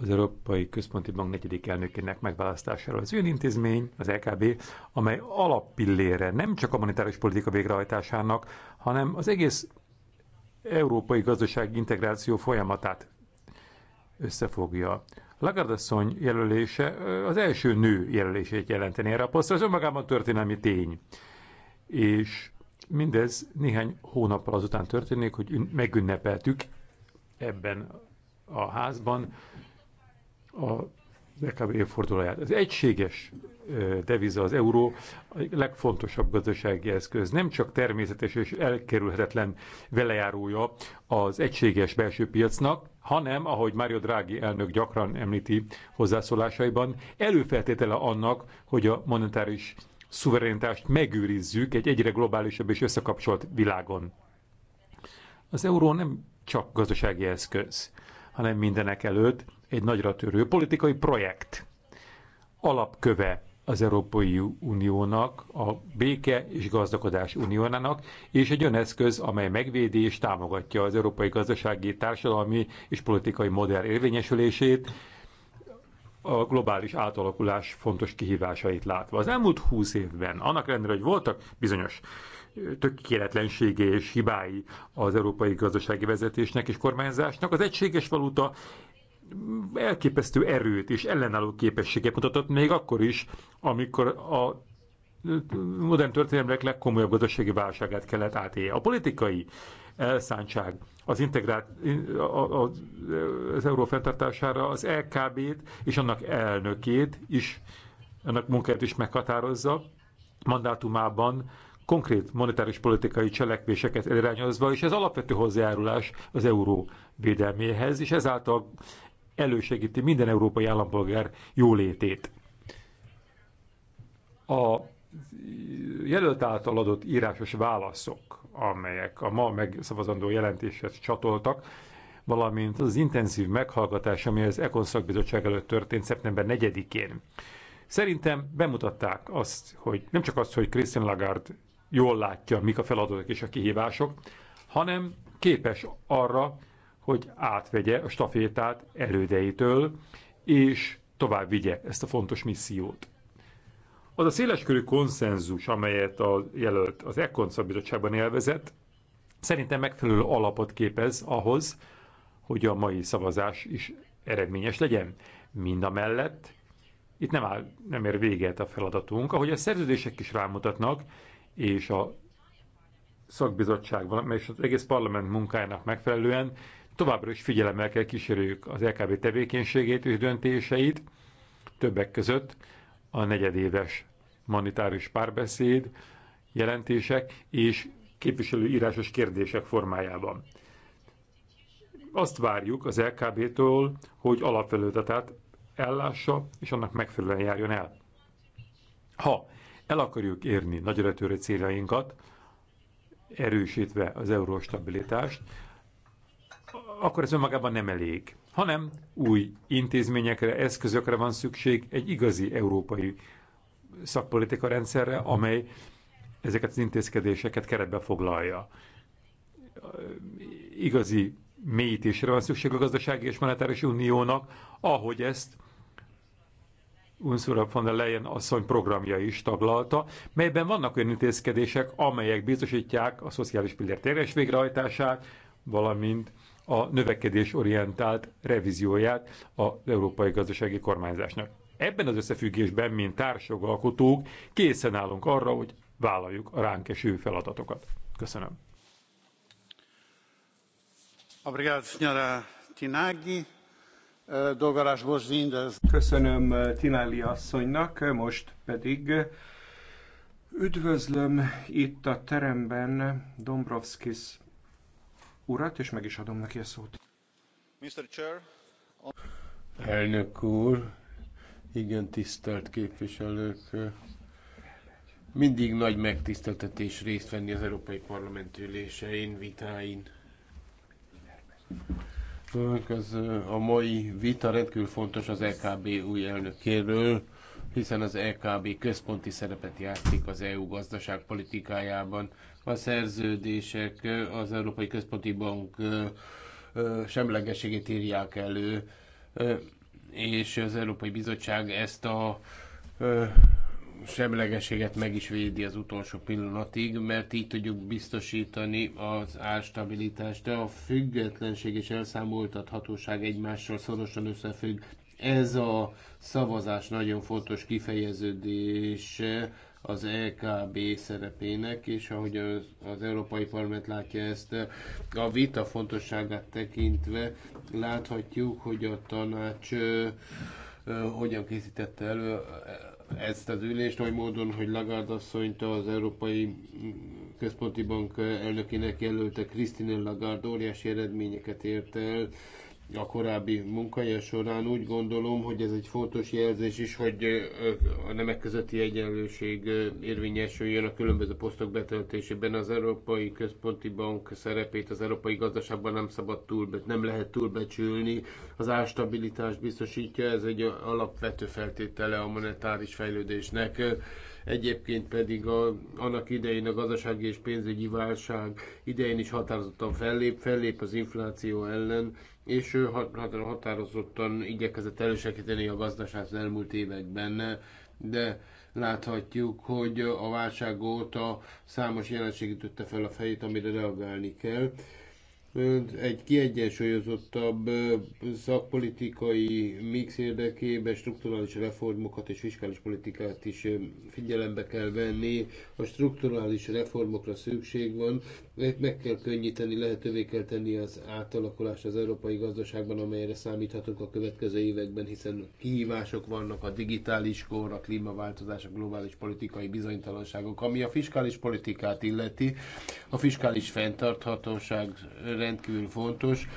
az Európai Központi Bank negyedik elnökének megválasztásáról. Az intézmény, az LKB, amely alappillére nem csak a monetáris politika végrehajtásának, hanem az egész európai gazdasági integráció folyamatát összefogja. Lagardasszony jelölése az első nő jelölését jelenteni erre a posztra, az önmagában történelmi tény. És Mindez néhány hónappal azután történik, hogy megünnepeltük ebben a házban a LKB évfordulóját. Az egységes deviza az euró a legfontosabb gazdasági eszköz. Nem csak természetes és elkerülhetetlen velejárója az egységes belső piacnak, hanem, ahogy Mario Draghi elnök gyakran említi hozzászólásaiban, előfeltétele annak, hogy a monetáris szuverenitást megőrizzük egy egyre globálisabb és összekapcsolt világon. Az euró nem csak gazdasági eszköz, hanem mindenek előtt egy nagyra törő politikai projekt. Alapköve az Európai Uniónak, a béke és gazdagodás uniónának, és egy olyan eszköz, amely megvédi és támogatja az európai gazdasági, társadalmi és politikai modell érvényesülését, a globális átalakulás fontos kihívásait látva. Az elmúlt húsz évben, annak ellenére, hogy voltak bizonyos tökéletlensége és hibái az európai gazdasági vezetésnek és kormányzásnak, az egységes valuta elképesztő erőt és ellenálló képességet mutatott még akkor is, amikor a modern történelmek legkomolyabb gazdasági válságát kellett átélje. A politikai elszántság, az integrált, az, az euró fenntartására az LKB-t és annak elnökét is, annak munkáját is meghatározza, mandátumában konkrét monetáris politikai cselekvéseket irányozva, és ez alapvető hozzájárulás az euró védelméhez, és ezáltal elősegíti minden európai állampolgár jólétét. A jelölt által adott írásos válaszok, amelyek a ma megszavazandó jelentéshez csatoltak, valamint az intenzív meghallgatás, ami az Ekon szakbizottság előtt történt szeptember 4-én. Szerintem bemutatták azt, hogy nem csak azt, hogy Christine Lagarde jól látja, mik a feladatok és a kihívások, hanem képes arra, hogy átvegye a stafétát elődeitől, és tovább vigye ezt a fontos missziót. Az a széleskörű konszenzus, amelyet a jelölt az Ekkon Szabizottságban élvezett, szerintem megfelelő alapot képez ahhoz, hogy a mai szavazás is eredményes legyen. Mind a mellett itt nem, áll, nem ér véget a feladatunk, ahogy a szerződések is rámutatnak, és a szakbizottságban, és az egész parlament munkájának megfelelően továbbra is figyelemmel kell kísérjük az LKB tevékenységét és döntéseit, többek között a negyedéves monetáris párbeszéd, jelentések és képviselő írásos kérdések formájában. Azt várjuk az LKB-től, hogy alapfelületet ellássa és annak megfelelően járjon el. Ha el akarjuk érni nagyra törő céljainkat, erősítve az euró stabilitást, akkor ez önmagában nem elég hanem új intézményekre, eszközökre van szükség, egy igazi európai szakpolitika rendszerre, amely ezeket az intézkedéseket keretbe foglalja. Igazi mélyítésre van szükség a gazdasági és monetáris uniónak, ahogy ezt Unszura von der Leyen asszony programja is taglalta, melyben vannak olyan intézkedések, amelyek biztosítják a szociális pillér teljes végrehajtását, valamint a növekedés orientált revízióját az európai gazdasági kormányzásnak. Ebben az összefüggésben, mint társjogalkotók, készen állunk arra, hogy vállaljuk a ránk eső feladatokat. Köszönöm. Köszönöm Tinelli asszonynak, most pedig üdvözlöm itt a teremben Dombrovskis urat, és meg is adom neki a szót. Mr. Chair, on... Elnök úr, igen, tisztelt képviselők, mindig nagy megtiszteltetés részt venni az Európai Parlament ülésein, vitáin. Az, a mai vita rendkívül fontos az EKB új elnökéről hiszen az EKB központi szerepet játszik az EU gazdaságpolitikájában. A szerződések az Európai Központi Bank semlegességét írják elő, és az Európai Bizottság ezt a semlegességet meg is védi az utolsó pillanatig, mert így tudjuk biztosítani az árstabilitást. De a függetlenség és elszámoltathatóság egymással szorosan összefügg. Ez a szavazás nagyon fontos kifejeződés az EKB szerepének, és ahogy az, az Európai Parlament látja ezt, a vita fontosságát tekintve láthatjuk, hogy a tanács hogyan készítette elő ezt az ülést, oly módon, hogy Lagarde asszonyt az Európai Központi Bank elnökének jelölte Krisztinél Lagarde óriási eredményeket ért el, a korábbi munkája során úgy gondolom, hogy ez egy fontos jelzés is, hogy a nemek közötti egyenlőség érvényesüljön a különböző posztok betöltésében. Az Európai Központi Bank szerepét az európai gazdaságban nem szabad túl, nem lehet túlbecsülni. Az ástabilitást biztosítja, ez egy alapvető feltétele a monetáris fejlődésnek Egyébként pedig a, annak idején a gazdasági és pénzügyi válság idején is határozottan fellép, fellép az infláció ellen, és ő határozottan igyekezett elősegíteni a gazdaságot az elmúlt években, de láthatjuk, hogy a válság óta számos jelenség ütötte fel a fejét, amire reagálni kell egy kiegyensúlyozottabb szakpolitikai mix érdekében strukturális reformokat és fiskális politikát is figyelembe kell venni. A strukturális reformokra szükség van, meg kell könnyíteni, lehetővé kell tenni az átalakulást az európai gazdaságban, amelyre számíthatunk a következő években, hiszen kihívások vannak a digitális kor, a klímaváltozás, a globális politikai bizonytalanságok, ami a fiskális politikát illeti, a fiskális fenntarthatóság rendkívül fontos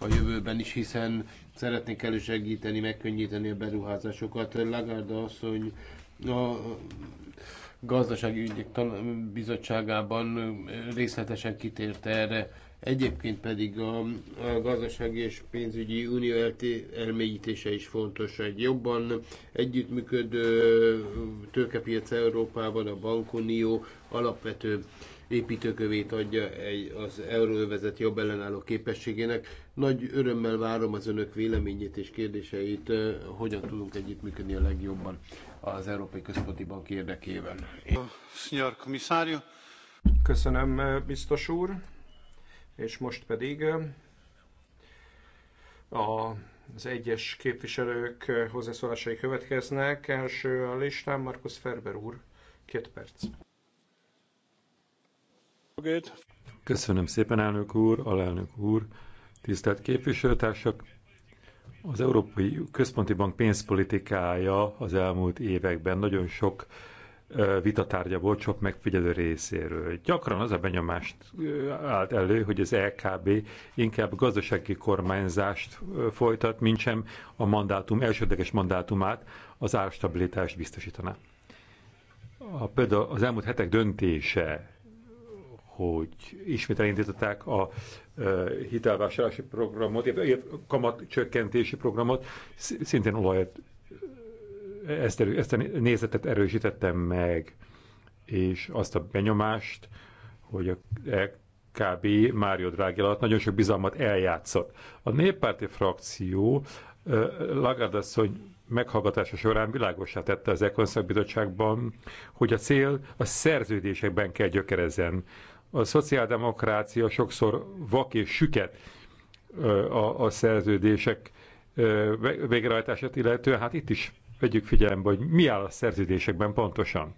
a jövőben is, hiszen szeretnék elősegíteni, megkönnyíteni a beruházásokat. Lagarda asszony a gazdasági ügyek bizottságában részletesen kitért erre. Egyébként pedig a, a gazdasági és pénzügyi unió elmélyítése is fontos. Egy jobban együttműködő tőkepiac Európában a bankunió alapvető építőkövét adja egy, az euróövezet jobb ellenálló képességének. Nagy örömmel várom az önök véleményét és kérdéseit, hogyan tudunk együttműködni a legjobban az Európai Központi Bank érdekében. Senior Köszönöm, biztos úr. És most pedig a az egyes képviselők hozzászólásai következnek. Első a listán Markus Ferber úr, két perc. Köszönöm szépen, elnök úr, alelnök úr, tisztelt képviselőtársak! Az Európai Központi Bank pénzpolitikája az elmúlt években nagyon sok vitatárgya volt sok megfigyelő részéről. Gyakran az a benyomást állt elő, hogy az LKB inkább gazdasági kormányzást folytat, mint sem a mandátum, elsődleges mandátumát, az árstabilitást biztosítaná. A, például az elmúlt hetek döntése hogy ismét elindították a hitelvásárlási programot, kamatcsökkentési programot, szintén olajat, ezt, ezt a nézetet erősítettem meg, és azt a benyomást, hogy a KB Mário Draghi alatt nagyon sok bizalmat eljátszott. A néppárti frakció Lagardasszony meghallgatása során világosá tette az Ekonszak Bizottságban, hogy a cél a szerződésekben kell gyökerezzen a szociáldemokrácia sokszor vak és süket a, a szerződések végrehajtását illetően, hát itt is vegyük figyelembe, hogy mi áll a szerződésekben pontosan.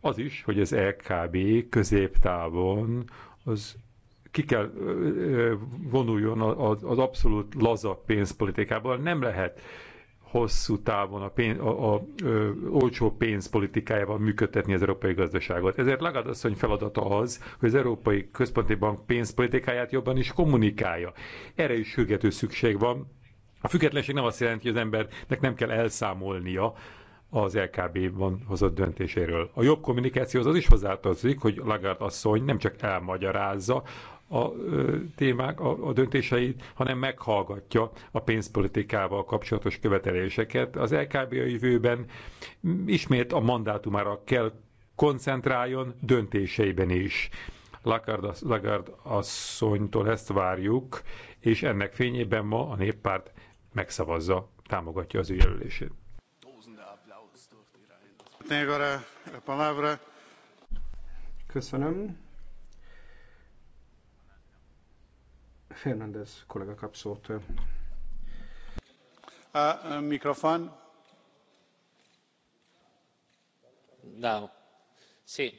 Az is, hogy az LKB középtávon az ki kell vonuljon az abszolút laza pénzpolitikából. Nem lehet hosszú távon a, pénz, a, a a olcsó pénzpolitikájával működtetni az európai gazdaságot. Ezért Lagarde asszony feladata az, hogy az Európai Központi Bank pénzpolitikáját jobban is kommunikálja. Erre is sürgető szükség van. A függetlenség nem azt jelenti, hogy az embernek nem kell elszámolnia az LKB-ban hozott döntéséről. A jobb kommunikáció az is hozzátartozik, hogy Lagarde asszony nem csak elmagyarázza a témák, a, a döntéseit, hanem meghallgatja a pénzpolitikával kapcsolatos követeléseket. Az LKB a jövőben ismét a mandátumára kell koncentráljon döntéseiben is. Lagarde, Lagarde asszonytól ezt várjuk, és ennek fényében ma a néppárt megszavazza, támogatja az ő jelölését. Köszönöm. Fernández kollega kap szót. Mikrofon. No. Sí.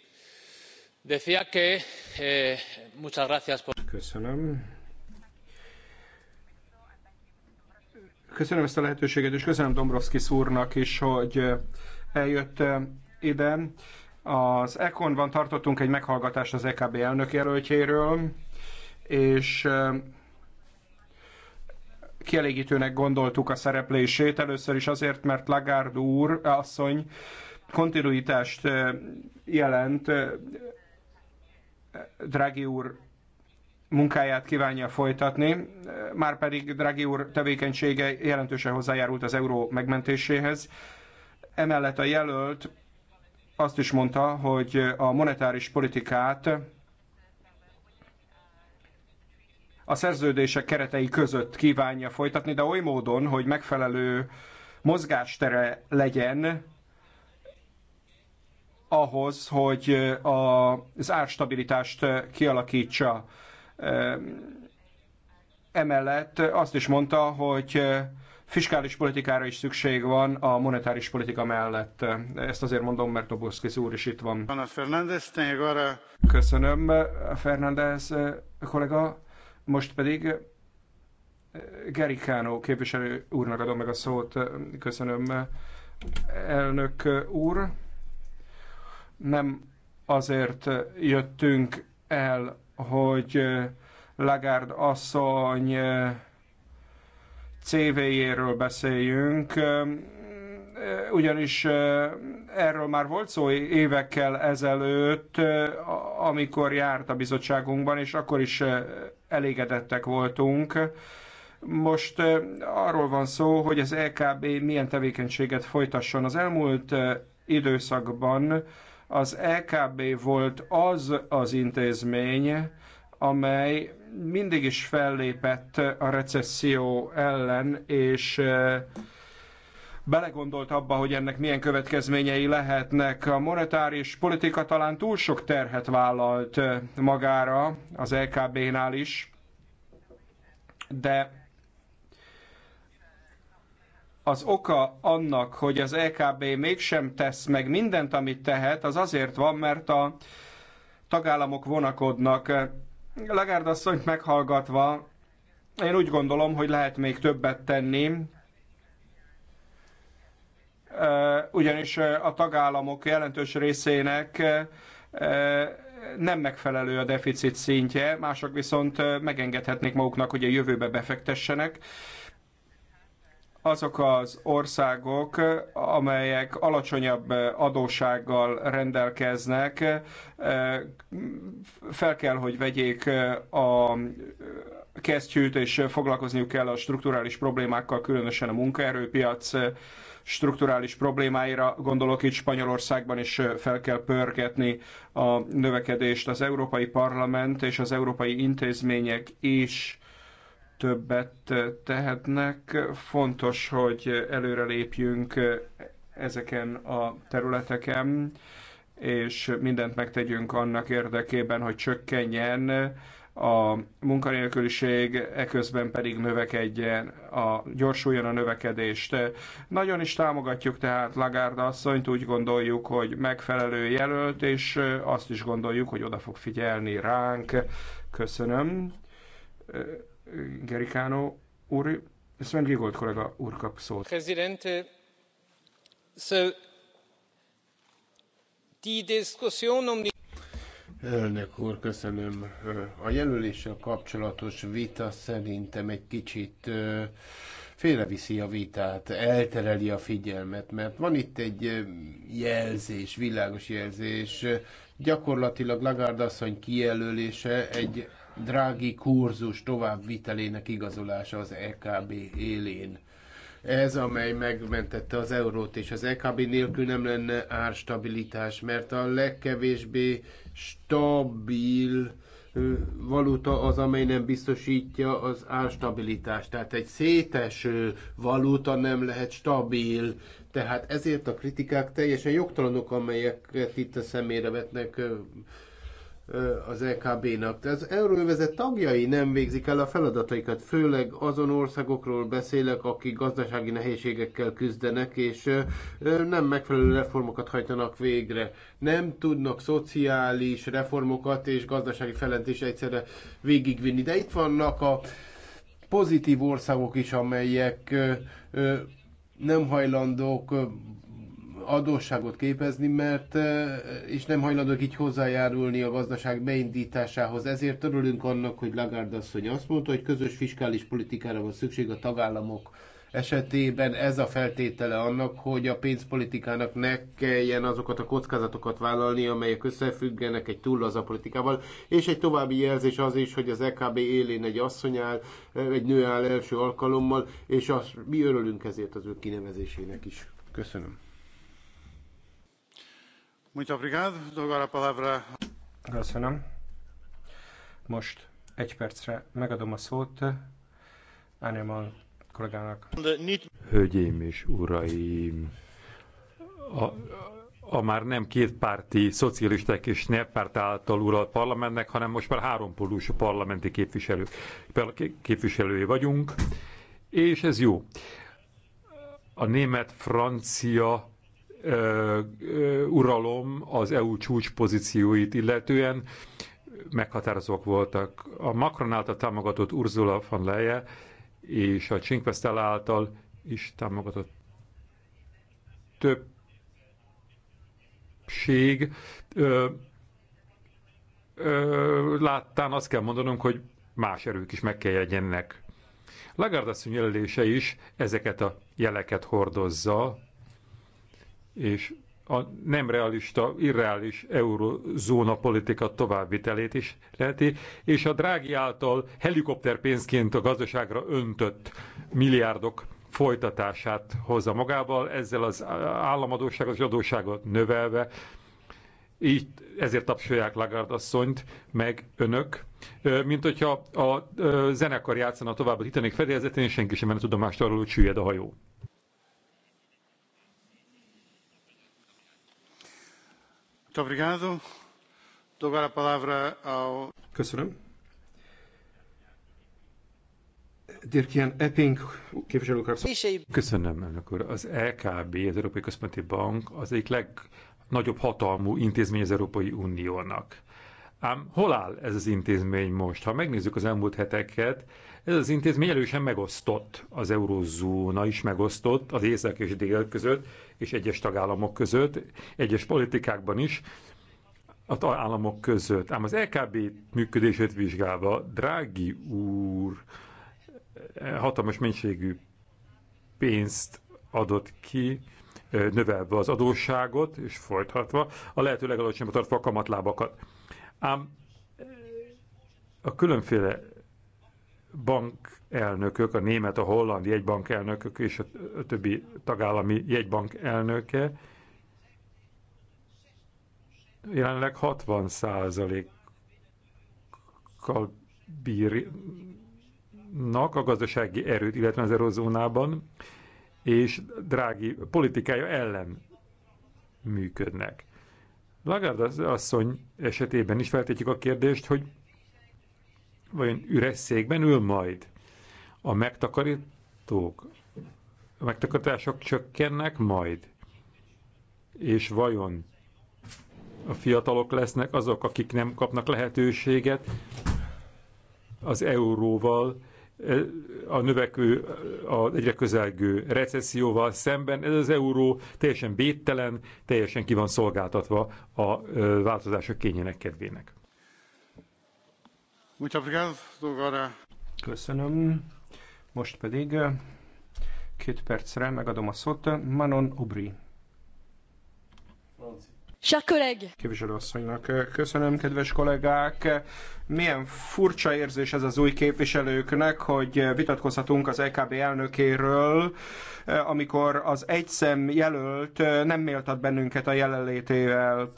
Decía que eh, muchas gracias por... Köszönöm. Köszönöm ezt a lehetőséget, és köszönöm Dombrovski úrnak is, hogy eh, eljött eh, ide. Az Econ-ban tartottunk egy meghallgatást az EKB elnök jelöltjéről és kielégítőnek gondoltuk a szereplését. Először is azért, mert Lagarde úr, asszony, kontinuitást jelent, Draghi úr munkáját kívánja folytatni, már pedig Draghi úr tevékenysége jelentősen hozzájárult az euró megmentéséhez. Emellett a jelölt azt is mondta, hogy a monetáris politikát a szerződések keretei között kívánja folytatni, de oly módon, hogy megfelelő mozgástere legyen ahhoz, hogy az árstabilitást kialakítsa. Emellett azt is mondta, hogy fiskális politikára is szükség van a monetáris politika mellett. Ezt azért mondom, mert Dobuszkis úr is itt van. Köszönöm, Fernández kollega. Most pedig eh, Gerikánó képviselő úrnak adom meg a szót. Köszönöm, elnök úr. Nem azért jöttünk el, hogy eh, Lagarde asszony eh, CV-jéről beszéljünk ugyanis erről már volt szó évekkel ezelőtt, amikor járt a bizottságunkban, és akkor is elégedettek voltunk. Most arról van szó, hogy az LKB e milyen tevékenységet folytasson. Az elmúlt időszakban az LKB e volt az az intézmény, amely mindig is fellépett a recesszió ellen, és belegondolt abba, hogy ennek milyen következményei lehetnek. A monetáris politika talán túl sok terhet vállalt magára az LKB-nál is, de az oka annak, hogy az LKB mégsem tesz meg mindent, amit tehet, az azért van, mert a tagállamok vonakodnak. Legárd asszonyt meghallgatva, én úgy gondolom, hogy lehet még többet tenni ugyanis a tagállamok jelentős részének nem megfelelő a deficit szintje, mások viszont megengedhetnék maguknak, hogy a jövőbe befektessenek. Azok az országok, amelyek alacsonyabb adósággal rendelkeznek, fel kell, hogy vegyék a kesztyűt, és foglalkozniuk kell a strukturális problémákkal, különösen a munkaerőpiac strukturális problémáira gondolok itt Spanyolországban, is fel kell pörgetni a növekedést. Az Európai Parlament és az európai intézmények is többet tehetnek. Fontos, hogy előrelépjünk ezeken a területeken, és mindent megtegyünk annak érdekében, hogy csökkenjen a munkanélküliség, eközben pedig növekedjen, a, gyorsuljon a növekedést. Nagyon is támogatjuk tehát Lagarde asszonyt, úgy gondoljuk, hogy megfelelő jelölt, és azt is gondoljuk, hogy oda fog figyelni ránk. Köszönöm. Gerikano úr, Sven Gigolt kollega úr kap szót. President, so, die diskussion um die Elnök úr, köszönöm. A jelöléssel kapcsolatos vita szerintem egy kicsit félreviszi a vitát, eltereli a figyelmet, mert van itt egy jelzés, világos jelzés. Gyakorlatilag Lagarde asszony kijelölése egy drági kurzus továbbvitelének igazolása az EKB élén ez, amely megmentette az eurót, és az EKB nélkül nem lenne árstabilitás, mert a legkevésbé stabil valuta az, amely nem biztosítja az árstabilitást. Tehát egy széteső valuta nem lehet stabil. Tehát ezért a kritikák teljesen jogtalanok, amelyeket itt a szemére vetnek az EKB-nak. Az euróvezet tagjai nem végzik el a feladataikat, főleg azon országokról beszélek, akik gazdasági nehézségekkel küzdenek, és nem megfelelő reformokat hajtanak végre. Nem tudnak szociális reformokat és gazdasági felentés egyszerre végigvinni. De itt vannak a pozitív országok is, amelyek nem hajlandók adósságot képezni, mert és nem hajlandók így hozzájárulni a gazdaság beindításához. Ezért örülünk annak, hogy Lagarde asszony azt mondta, hogy közös fiskális politikára van szükség a tagállamok esetében ez a feltétele annak, hogy a pénzpolitikának ne kelljen azokat a kockázatokat vállalni, amelyek összefüggenek egy túl a politikával, és egy további jelzés az is, hogy az EKB élén egy asszony áll, egy nő áll első alkalommal, és az, mi örülünk ezért az ő kinevezésének is. Köszönöm. Muito obrigado. Agora palavra... Köszönöm. Most egy percre megadom a szót Animal kollégának. Hölgyeim és uraim, a, a, már nem két párti szocialisták és néppárt által uralt parlamentnek, hanem most már három hárompólusú parlamenti képviselő, képviselői vagyunk, és ez jó. A német, francia, ö, ö, uralom az EU csúcs pozícióit illetően meghatározók voltak. A Macron által támogatott Ursula von Leyen és a Cinque által is támogatott többség ö, ö, láttán azt kell mondanom, hogy más erők is meg kell jegyennek. Lagarde asszony jelölése is ezeket a jeleket hordozza, és a nem realista, irreális eurozóna politika továbbvitelét is leheti, és a drági által helikopterpénzként a gazdaságra öntött milliárdok folytatását hozza magával, ezzel az államadóságot és adósságot növelve, így ezért tapsolják Lagarde asszonyt, meg önök, mint hogyha a zenekar játszana tovább a Titanic fedélzetén, és senki sem menne tudomást arról, hogy süllyed a hajó. Köszönöm. Dirkian Epping képviselő Köszönöm, elnök úr. Az LKB, az Európai Központi Bank az egyik legnagyobb hatalmú intézmény az Európai Uniónak. Ám hol áll ez az intézmény most? Ha megnézzük az elmúlt heteket, ez az intézmény elősen megosztott. Az eurózóna is megosztott az észak és dél között, és egyes tagállamok között, egyes politikákban is, az államok között. Ám az LKB működését vizsgálva, Drági úr hatalmas mennyiségű pénzt adott ki, növelve az adósságot, és folytatva, a lehető legalacsonyabb tartva a kamatlábakat. Ám a különféle bankelnökök, a német, a holland jegybankelnökök és a többi tagállami jegybank elnöke jelenleg 60 kal bírnak a gazdasági erőt, illetve az erózónában, és drági politikája ellen működnek. Lagarde asszony esetében is feltétjük a kérdést, hogy vajon üres székben ül majd a megtakarítók, a megtakarítások csökkennek majd, és vajon a fiatalok lesznek azok, akik nem kapnak lehetőséget az euróval a növekvő, a egyre közelgő recesszióval szemben. Ez az euró teljesen védtelen, teljesen ki van szolgáltatva a változások kényének kedvének. Köszönöm. Most pedig két percre megadom a szót Manon Ubri. Chers collègues! Képviselőasszonynak köszönöm, kedves kollégák! milyen furcsa érzés ez az új képviselőknek, hogy vitatkozhatunk az EKB elnökéről, amikor az egyszem jelölt nem méltat bennünket a jelenlétével.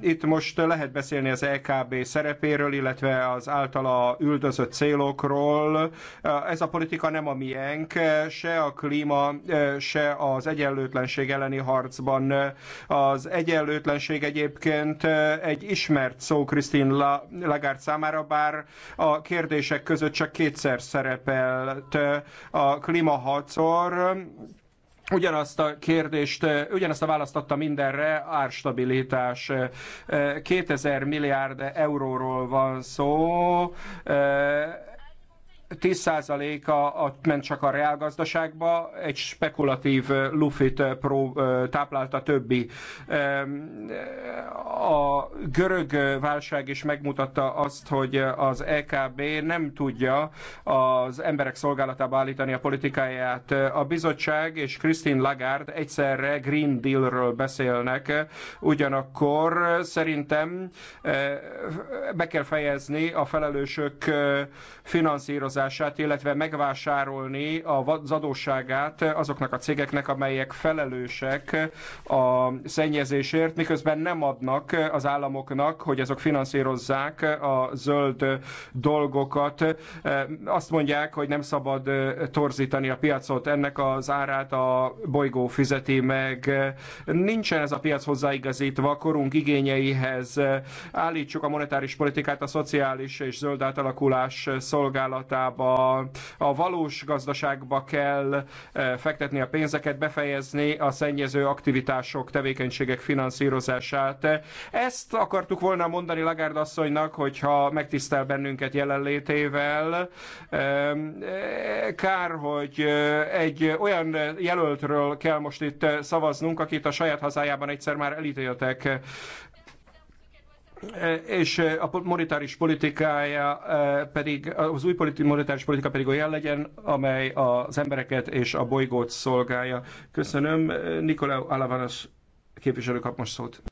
Itt most lehet beszélni az EKB szerepéről, illetve az általa üldözött célokról. Ez a politika nem a miénk, se a klíma, se az egyenlőtlenség elleni harcban. Az egyenlőtlenség egyébként egy ismert szó Christine Lagarde néppárt számára, bár a kérdések között csak kétszer szerepelt a klímaharcor. Ugyanazt a kérdést, ugyanazt a választ adta mindenre, árstabilitás. 2000 milliárd euróról van szó 10%-a a, ment csak a reálgazdaságba, egy spekulatív lufit eh, pró, eh, táplálta a többi. A görög válság is megmutatta azt, hogy az EKB nem tudja az emberek szolgálatába állítani a politikáját. A bizottság és Christine Lagarde egyszerre Green Dealről beszélnek, ugyanakkor szerintem eh, be kell fejezni a felelősök finanszírozását finanszírozását, illetve megvásárolni az adósságát azoknak a cégeknek, amelyek felelősek a szennyezésért, miközben nem adnak az államoknak, hogy azok finanszírozzák a zöld dolgokat. E, azt mondják, hogy nem szabad e, torzítani a piacot, ennek az árát a bolygó fizeti meg. Nincsen ez a piac hozzáigazítva a korunk igényeihez. Állítsuk a monetáris politikát a szociális és zöld átalakulás szolgálatába Európába, a valós gazdaságba kell eh, fektetni a pénzeket, befejezni a szennyező aktivitások, tevékenységek finanszírozását. Ezt akartuk volna mondani Lagárd asszonynak, hogyha megtisztel bennünket jelenlétével. Eh, kár, hogy eh, egy olyan jelöltről kell most itt szavaznunk, akit a saját hazájában egyszer már elítéltek Eh, és eh, a monetáris politikája eh, pedig, az új politi- monetáris politika pedig olyan legyen, amely az embereket és a bolygót szolgálja. Köszönöm. Nikolau Alavanas képviselő kap most szót.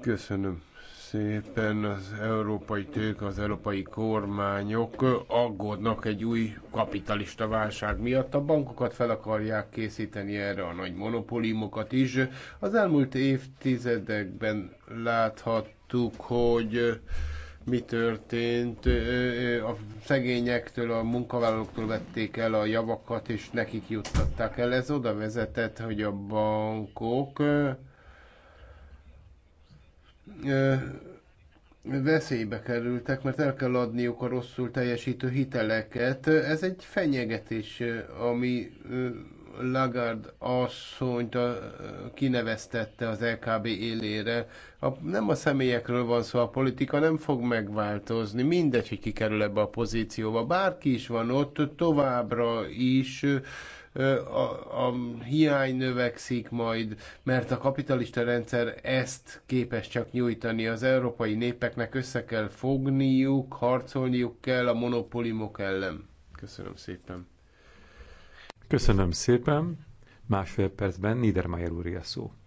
Köszönöm szépen. Az európai tők, az európai kormányok aggódnak egy új kapitalista válság miatt. A bankokat fel akarják készíteni erre a nagy monopóliumokat is. Az elmúlt évtizedekben láthattuk, hogy mi történt. A szegényektől, a munkavállalóktól vették el a javakat, és nekik juttatták el. Ez oda vezetett, hogy a bankok veszélybe kerültek, mert el kell adniuk a rosszul teljesítő hiteleket. Ez egy fenyegetés, ami Lagard asszonyt kineveztette az LKB élére. A, nem a személyekről van szó, a politika nem fog megváltozni. Mindegy, hogy kikerül ebbe a pozícióba. Bárki is van ott, továbbra is a, a hiány növekszik majd, mert a kapitalista rendszer ezt képes csak nyújtani. Az európai népeknek össze kell fogniuk, harcolniuk kell a monopolimok ellen. Köszönöm szépen. Köszönöm szépen. Másfél percben Niedermayer úr szó.